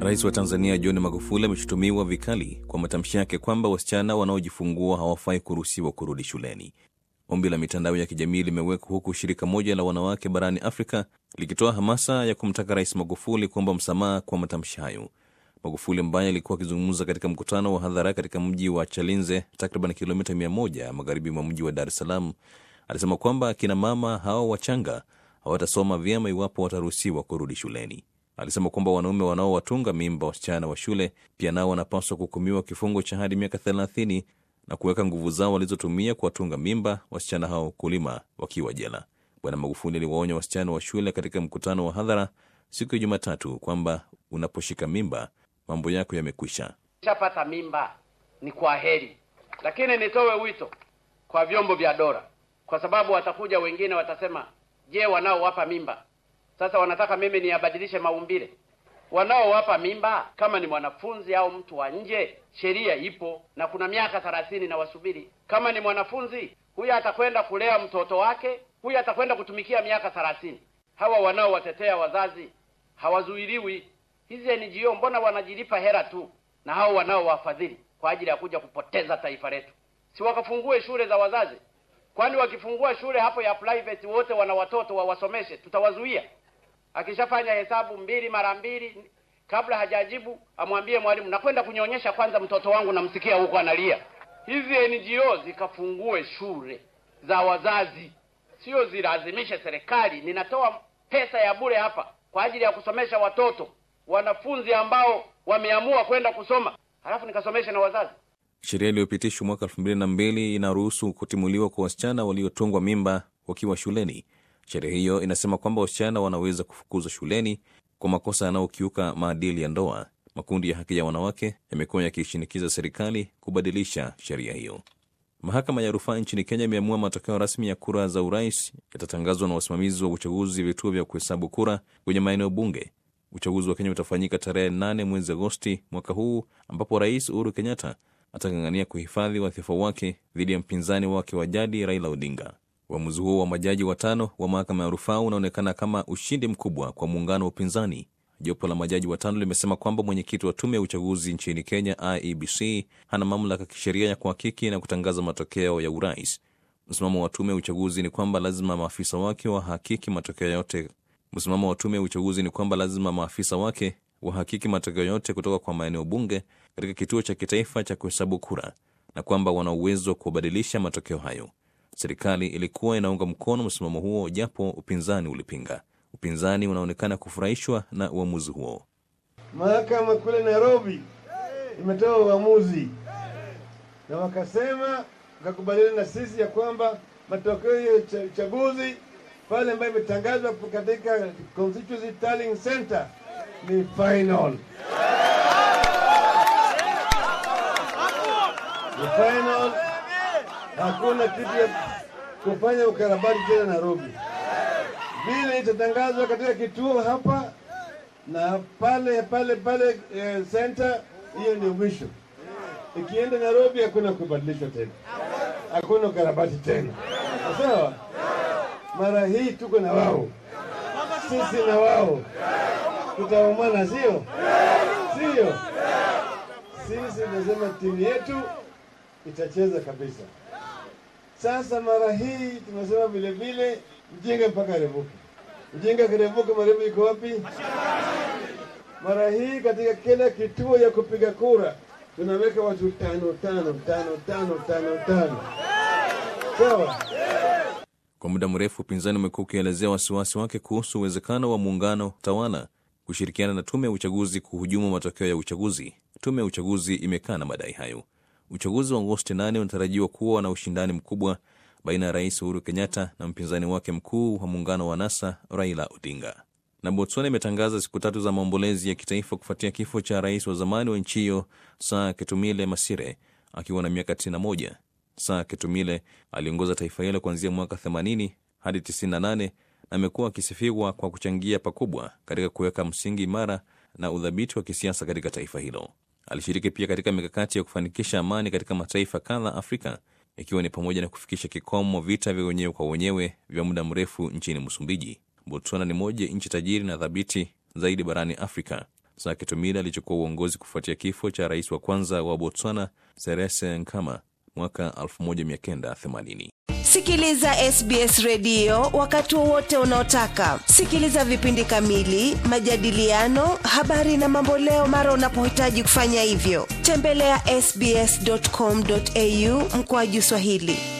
Rais wa Tanzania John Magufuli ameshutumiwa vikali kwa matamshi yake kwamba wasichana wanaojifungua hawafai kuruhusiwa kurudi shuleni. Ombi la mitandao ya kijamii limewekwa huku shirika moja la wanawake barani Afrika likitoa hamasa ya kumtaka Rais Magufuli kuomba msamaha kwa matamshi hayo. Magufuli ambaye alikuwa akizungumza katika mkutano wa hadhara katika mji wa Chalinze, takriban kilomita mia moja magharibi mwa mji wa Dar es Salaam, alisema kwamba akina mama hao wachanga hawatasoma vyema iwapo wataruhusiwa kurudi shuleni. Alisema kwamba wanaume wanaowatunga mimba wasichana wa shule pia nao wanapaswa kuhukumiwa kifungo cha hadi miaka thelathini na kuweka nguvu zao walizotumia kuwatunga mimba wasichana hao kulima wakiwa jela. Bwana Magufuli aliwaonya wasichana wa shule katika mkutano wa hadhara siku ya Jumatatu kwamba unaposhika mimba mambo yako yamekwisha. Shapata mimba ni kwa heri, lakini nitowe wito kwa vyombo vya dora kwa sababu watakuja wengine watasema, je, wanaowapa mimba sasa wanataka mimi niyabadilishe maumbile. Wanaowapa mimba kama ni mwanafunzi au mtu wa nje, sheria ipo na kuna miaka thelathini na wasubiri. Kama ni mwanafunzi huyu atakwenda kulea mtoto wake, huyu atakwenda kutumikia miaka thelathini. Hawa wanaowatetea wazazi hawazuiliwi. Hizi NGO mbona wanajilipa hela tu na hao wanaowafadhili kwa ajili ya kuja kupoteza taifa letu? Si wakafungue shule za wazazi? Kwani wakifungua shule hapo ya private wote wana watoto wawasomeshe, tutawazuia? Akishafanya hesabu mbili mara mbili, kabla hajajibu amwambie mwalimu, nakwenda kunyonyesha kwanza, mtoto wangu namsikia huko analia. Hizi NGO zikafungue shule za wazazi, sio zilazimishe serikali. Ninatoa pesa ya bure hapa kwa ajili ya kusomesha watoto wanafunzi ambao wameamua kwenda kusoma, halafu nikasomesha na wazazi. Sheria iliyopitishwa mwaka elfu mbili na mbili inaruhusu kutimuliwa kwa wasichana waliotungwa mimba wakiwa shuleni. Sheria hiyo inasema kwamba wasichana wanaweza kufukuzwa shuleni kwa makosa yanayokiuka maadili ya ndoa. Makundi ya haki ya wanawake yamekuwa yakishinikiza serikali kubadilisha sheria hiyo. Mahakama ya rufaa nchini Kenya imeamua matokeo rasmi ya kura za urais yatatangazwa na wasimamizi wa uchaguzi vituo vya kuhesabu kura kwenye maeneo bunge. Uchaguzi wa Kenya utafanyika tarehe 8 mwezi Agosti mwaka huu, ambapo Rais Uhuru Kenyatta atang'ang'ania kuhifadhi wadhifa wake dhidi ya mpinzani wake wa jadi Raila Odinga. Uamuzi huo wa majaji watano wa mahakama ya rufaa unaonekana kama ushindi mkubwa kwa muungano wa upinzani. Jopo la majaji watano limesema kwamba mwenyekiti wa tume ya uchaguzi nchini Kenya, IEBC, hana mamlaka kisheria ya kuhakiki na kutangaza matokeo ya urais. Msimamo wa tume ya uchaguzi ni kwamba lazima maafisa wake wahakiki matokeo yote. Msimamo wa tume ya uchaguzi ni kwamba lazima maafisa wake wahakiki matokeo yote kutoka kwa maeneo bunge katika kituo cha kitaifa cha kuhesabu kura na kwamba wana uwezo wa kubadilisha matokeo hayo. Serikali ilikuwa inaunga mkono msimamo huo, japo upinzani ulipinga. Upinzani unaonekana kufurahishwa na uamuzi huo. Mahakama kule Nairobi imetoa uamuzi na wakasema, wakakubaliana na sisi ya kwamba matokeo ya uchaguzi pale ambayo imetangazwa katika Constituency Tallying Center ni final. Ni final hakuna kitu ya kufanya ukarabati tena Nairobi. Vile itatangazwa katika kituo hapa na pale pale pale eh, center, hiyo ndio mwisho. Ikienda Nairobi hakuna kubadilishwa tena, hakuna ukarabati tena, sawa? Mara hii tuko na wao, sisi na wao tutaumana, sio sio? Sisi tunasema timu yetu itacheza kabisa. Sasa mara hii tunasema vile vile mjinga mpaka arevuke. Mjinga akirevuka, marehemu iko wapi? Mara hii katika kila kituo ya kupiga kura tunaweka watu tano tano tano tano tano tano, sawa. Kwa muda mrefu upinzani umekuwa ukielezea wasiwasi wake kuhusu uwezekano wa muungano tawala kushirikiana na tume ya uchaguzi kuhujumu matokeo ya uchaguzi. Tume ya uchaguzi imekana madai hayo. Uchaguzi wa Agosti 8 unatarajiwa kuwa na ushindani mkubwa baina ya Rais Uhuru Kenyatta na mpinzani wake mkuu wa muungano wa NASA Raila Odinga. Na Botswana imetangaza siku tatu za maombolezi ya kitaifa kufuatia kifo cha rais wa zamani wa nchi hiyo Saa Ketumile Masire akiwa na miaka 91. Saa Ketumile aliongoza taifa hilo kuanzia mwaka 80 hadi 98 na amekuwa akisifiwa kwa kuchangia pakubwa katika kuweka msingi imara na udhabiti wa kisiasa katika taifa hilo. Alishiriki pia katika mikakati ya kufanikisha amani katika mataifa kadha Afrika, ikiwa ni pamoja na kufikisha kikomo vita vya wenyewe kwa wenyewe vya muda mrefu nchini Msumbiji. Botswana ni moja nchi tajiri na thabiti zaidi barani Afrika. Sakatumila alichukua uongozi kufuatia kifo cha rais wa kwanza wa Botswana, Serese Nkama, mwaka 1980. Sikiliza SBS redio wakati wowote unaotaka. Sikiliza vipindi kamili, majadiliano, habari na mamboleo mara unapohitaji kufanya hivyo. Tembelea ya sbs.com.au mkoaju Swahili.